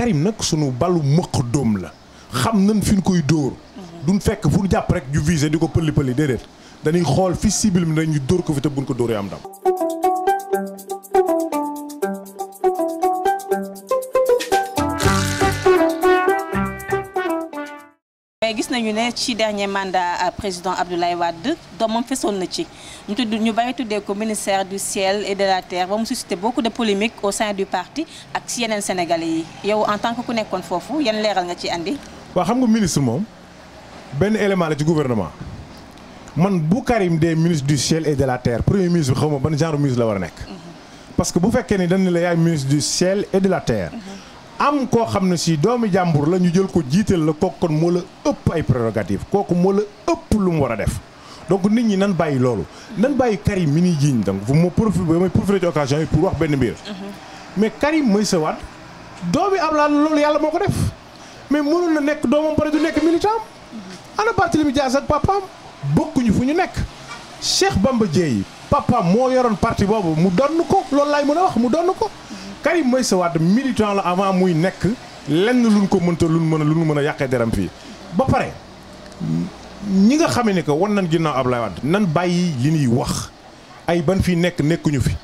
Karim nag sunu balu mëq dóom la xam nañ fi ñu koy dóor duñ fekk fu jàpp rek ñu vise di ko pëli pëli déedéet dañuy xool fi cible mi dañuy dóor ko fi te buñ ko dóoree am ndam nañu ne ci dernier mandat euh, président Abdoulaye Wade doomam fesoon na ci ñu tudd ñu bari tuddee ko ministère du ciel et de la terre ba mu suscité beaucoup de polémiques au sein du parti ak ci yeneen sénégalais yi yow en tant que ku nekkoon foofu yan leeral nga ci indi waaw xam nga ministre moom benn élément la ci gouvernement man bu Karim dee ministre du ciel et de la terre premier ministre bi xaw ma ban genre la war a nekk. Mhm. parce que bu fekkee ni dañ ne la yaay ministre du ciel et de am koo xam ne si doomi jàmbur la ñu jël ko jiital la kooku kon moo la ëpp ay prérogative kooku moo la ëpp lu mu war a def donc nit ñi nan bàyyi loolu nan bàyyi Karim mi ni jiiñ donc fu ma profité may profité ci occasion yi pour wax benn mbir mhm. mais Karim Meïssa Wade doomi Ablaye loolu yàlla moo ko def mais mënul na nekk doomam pare du nekk militant mhm. ana Barthélémy Dias ak papaam bokkuñu fu ñu nekk Cheikh Bamba Dièye papaam moo yoroon parti boobu mu donn ko loolu laay mën a wax mu donn ko Karim Meïssa Wade militant la avant muy nekk lenn luñ ko mënta luñ mën a luñ mën a yàqee deram fii ba pare ñi nga xamee ne que wan nañ ginnaaw Ablaye Wade nan bàyyi li ñuy wax ay ban fii nekk nekkuñu fi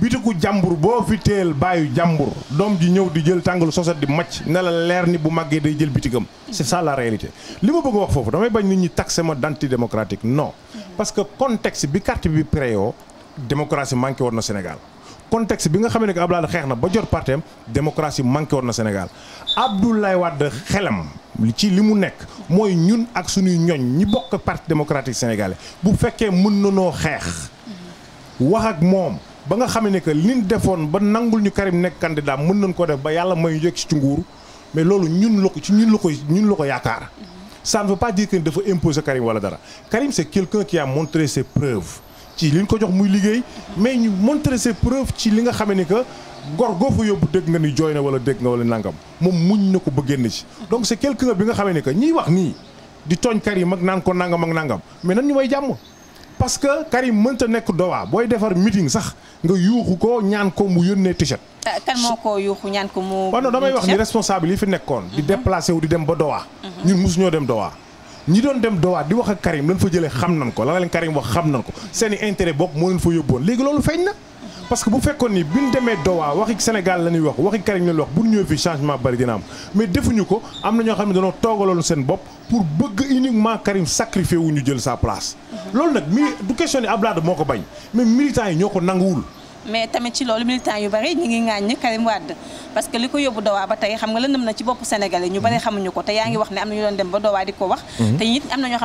bitiku jàmbur boo fi teel bàyyi jàmbur doom ji ñëw di jël tàngalu sosat di macc ne leer ni bu màggee day jël bitigam c'est ça la réalité li ma bëgg wax foofu damay bañ nit ñi taxé ma d'antidémocratique non parce que contexte bi carte bi préyoo démocratie manqué woon na Sénégal contexte bi nga xam ab que Abdoulaye xeex na ba jot partem démocratie manqué woon na Sénégal Abdoulaye Wade xelam ci li mu nekk mooy ñun ak suñuy ñoñ ñi bokk parti démocratique sénégalais bu fekkee mën na noo xeex wax ak moom ba nga xam ne que liñ defoon ba nangul ñu Karim nekk candidat mën nañ ko def ba yàlla may yëg ci nguur mais loolu ñun lu ko ci ñun lu ko ñun la ko yaakaar ça ne veut pas dire dafa imposer Karim wala dara Karim c'est quelqu'un qui a montré ses preuves ci liñ ko jox muy liggéey mais ñu montrer ses preuves ci li nga xame ni que gor fa yóbbu dégg nga ni jooy na wala dégg nga wala nangam moom muñ na ko ba génn ci donc c'est quelqu'un bi nga xamee ni que ñiy wax nii di tooñ Karim mag naan ko nangam ak nangam mais nan ñu may jàmm parce que Karim mënta nekk dowaa booy defar meeting sax nga yuuxu ko ñaan ko mu yónnee t-shirt ah, kan moo ko yuuxu ñaan ko mu oh non damay wax ni responsable yi fi nekkoon di mhm. déplacé wu di dem ba dowaa mhm. ñun mosuñoo dem dowaa ñi doon dem Doha di wax ak Karim lan fa jëlee xam nan ko la leen Karim wax xam nan ko seen i intérêt bopp moo leen fa yóbboon léegi loolu feeñ na. parce bu fekkoon ni bi ñu demee Doha waxi Sénégal la ñuy wax waxi Karim la wax bu ñu ñëwee fii changement bari dina am mais defuñu ko am na ñoo xam ne dañoo toogaloon seen bopp pour bëgg uniquement Karim sacrifié wu ñu jël sa place. Mhm. loolu nag mi du question ni Abdoulaye moo ko bañ mais militants yi ñoo ko nanguwul. mais tamit ci loolu militant yu bari ñi ngi ŋàññ Karim Wade parce que li ko yóbbu Dowa ba tey xam nga lëndëm na ci bopp sénégalais ñu bari xamuñu ko te yaa ngi wax ne ñu doon dem ba Dowa di ko wax mhm. te it am jàpp mhm. bi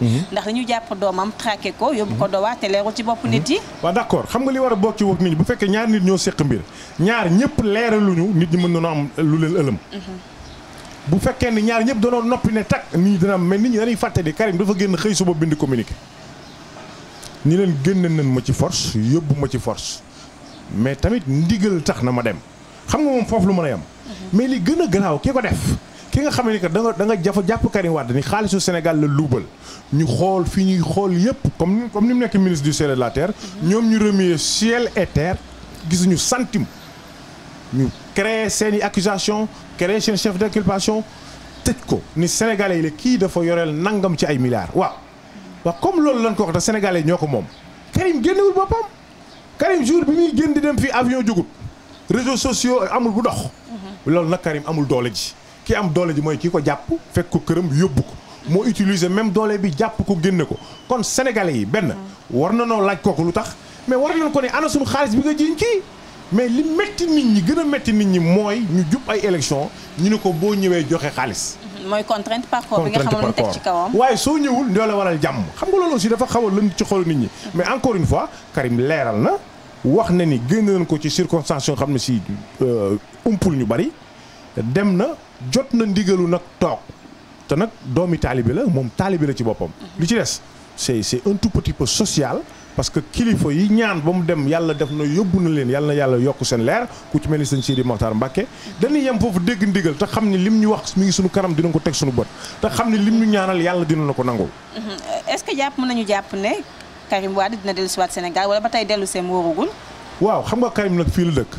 mhm. ndax dañu jàpp doomam traqué ko yóbbu ko Dowa te leerul ci bopp nit yi waaw d'accord xam nga li war a bokk ci wax nit ñi bu fekkee ñaar nit ñoo séq mbir ñaar ñëpp leeraluñu nit ñi mën na am lu leen ëlëm bu fekkee ni ñaar ñëpp danoon noppi ne tak nit ñi dina mel nit ñi leen génne nañ ma ci force yóbbu ma ci force mais tamit ndigal tax na ma dem xam nga moom foofu lu mën a yem. Mhm. mais li gën a garaaw ki ko def. ki nga xam ne que da nga da nga jàpp Karim Wade ni xaalisu Sénégal la luubal ñu xool fi ñuy xool yëpp comme comme ni mu nekk ministre du ciel et de la terre. Mhm. ñoom ñu remuer ciel et terre gisuñu santim ñu créer seen i accusation créer seen chef d'inculpation tëj ko ni sénégalais yi la kii dafa yoreel nangam ci ay milliards waaw. waaw comme loolu lan ko wax te sénégalais ñoo ko moom Karim génnewul boppam Karim jour bi muy génn di dem fii avion jugut réseaux sociaux amul bu ndox mhm. loolu nag Karim amul doole ji ki am doole ji mooy kii ko jàpp fekk ko këram yóbbu ko moo utiliser même doole bi jàpp ko génne ko kon sénégalais yi benn mhm. war na noo laaj kooku lu tax mais war nañ ko ne ana suñu xaalis bi nga jiiñ kii mais li metti nit ñi gën a metti nit ñi mooy ñu jub ay élection ñu ne ko boo ñëwee joxe xaalis mhm. mooy contrainte par corps bi waaye soo ñëwul ñoo la waral jàmm xam nga loolu aussi dafa xaw a lënd ci xolu nit ñi. mais encore une fois Karim leeral na wax na ni génn ko ci circonstance yoo xam ne si euh, umpul ñu bari dem na jot na ndigalu nag toog te nag doomi taalibe la moom taalibe la ci boppam. li ci des c'est c'est un tout petit peu social. parce que kilifa yi ñaan ba mu dem yàlla def na yóbbu na leen yàlla yàlla yokk seen leer ku ci mel ni sëñ Sidi Mokhtar Mbacke dañuy yem foofu dégg ndigal te xam ni lim ñu wax mi ngi suñu kanam dina ko teg suñu bët te xam ni lim ñu ñaanal yàlla dina na ko nangul est-ce que jàpp mën nañu jàpp ne Karim Wade dina dellu siwaat Sénégal wala ba tey dellu seen wóorugul waaw xam nga Karim nag fii la dëkk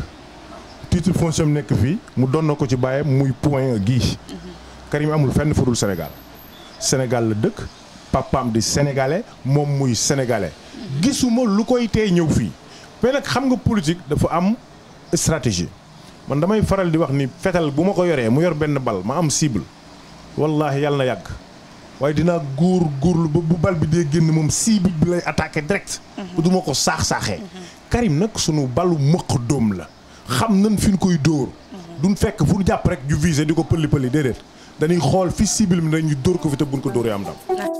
titre foncier am nekk fii mu doon na ko ci bàyyam muy point gii Karim amul fenn fudul Sénégal Sénégal dëkk papaam di sénégalais moom muy sénégalais gisuma lu koy tee ñëw fii mais nag xam nga politique dafa am stratégie man damay faral di wax ni fetal bu ma ko yoree mu yor benn bal ma am cible wallaahi yàlla na yàgg waaye dinaa góor góorlu ba bu bal bi dee génn moom cible bi lay attaqué direct mhm. du ma ko saax-saaxee mhm. Karim nag sunu balu mëq doom la xam nañ fi ñu koy dóor mhm. duñ fekk fu jàpp rek ju visé di ko pëli pëli déedéet dañuy xool fi cible mi dañuy dóor ko fi te buñ ko dóoree am ndam